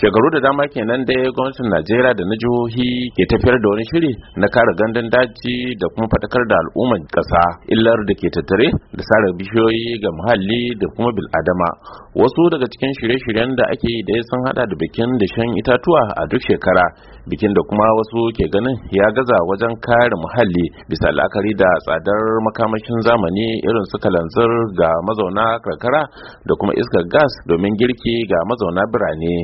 shekaru da dama kenan da gwamnatin najeriya da na jihohi ke tafiyar da wani shiri na kare gandun daji da kuma fatakar da al'ummar kasa illar da ke tattare da sare bishiyoyi ga muhalli da kuma bil'adama wasu daga cikin shirye-shiryen da ake yi da ya sun hada da bikin da shan itatuwa a duk shekara bikin da kuma wasu ke ganin ya gaza wajen kare muhalli bisa la'akari da tsadar makamashin zamani irin su kalanzir ga mazauna karkara da kuma iskar gas domin girki ga mazauna birane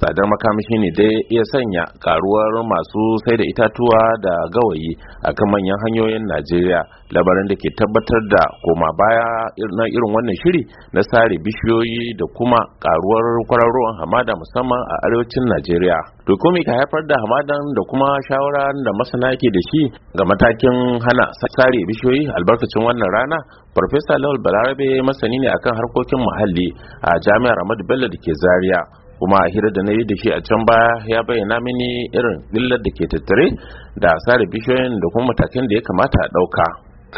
tsadar makamashi ne dai iya sanya karuwar masu sai da itatuwa da gawayi a kan manyan hanyoyin najeriya labarin da ke tabbatar da koma baya na irin wannan shiri na sare bishiyoyi da kuma karuwar kwararruwan hamada musamman a arewacin najeriya to me ka haifar da hamadan da kuma shawara da masana ke da shi ga matakin hana sare bishiyoyi albarkacin wannan rana farfesa lawal balarabe masani ne akan harkokin muhalli a jami'ar ahmadu bello da ke zaria kuma a hira da na yi da shi a can baya ya bayyana mini irin illar da ke tattare da sare bishiyoyin da kuma matakin da ya kamata a ɗauka.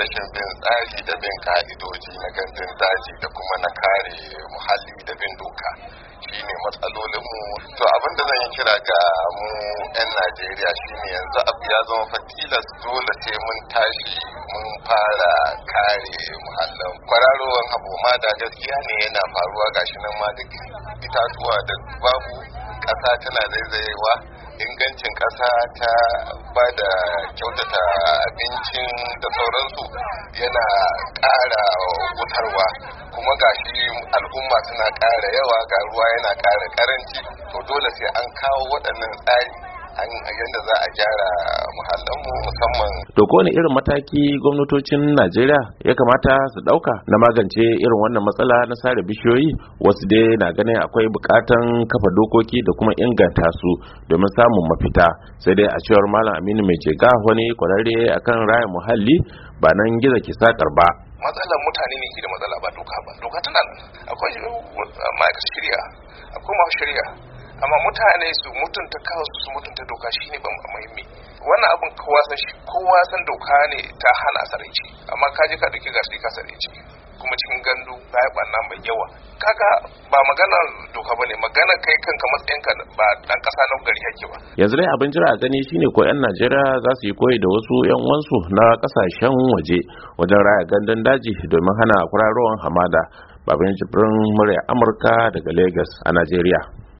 rashin bin tsari da bin ka'idoji na gandun daji da kuma na kare muhalli da bin doka shine matsalolinmu to abin da zan yi kira ga mu Najeriya shine yanzu abu ya zama fatilas dole sai mun tashi mun fara kare muhallin kwararowar abu ma da gaskiya ne yana faruwa gashi nan ma da itatuwa da babu ƙasa tana zaizayewa ingancin ƙasa ta ba da kyautata abincin da sauransu yana ƙara wutarwa kuma gashi al'umma suna ƙara yawa ga ruwa yana ƙara ƙaranci to dole sai an kawo waɗannan tsari an yadda za a gyara muhallanmu musamman. To kowane irin mataki gwamnatocin Najeriya ya kamata su ɗauka na magance irin wannan matsala na sare bishiyoyi wasu dai na ganin akwai buƙatan kafa dokoki da kuma inganta su domin samun mafita sai dai a cewar Malam Aminu Mai Jega wani kwararre akan rayu muhalli ba nan gizo ke sakar ba. Matsalar mutane ne ke da matsala ba doka ba doka tana akwai ma'aikata shirya akwai masu shirya amma mutane su mutunta kansu su mutunta doka shine ban muhimmi wannan abin kowa san shi kowa san doka ne ta hana sarki amma ka je ka ga shi ka sarki kuma cikin gandu ta yi mai yawa kaga ba magana doka bane magana kai kanka ka ba dan kasa na gari yake ba yanzu dai abin jira a gani shine ko yan Najeriya za su yi koyi da wasu yan wansu na kasashen waje wajen raya gandun daji domin hana kurarowar hamada babin jibrin murya Amurka daga Lagos a Najeriya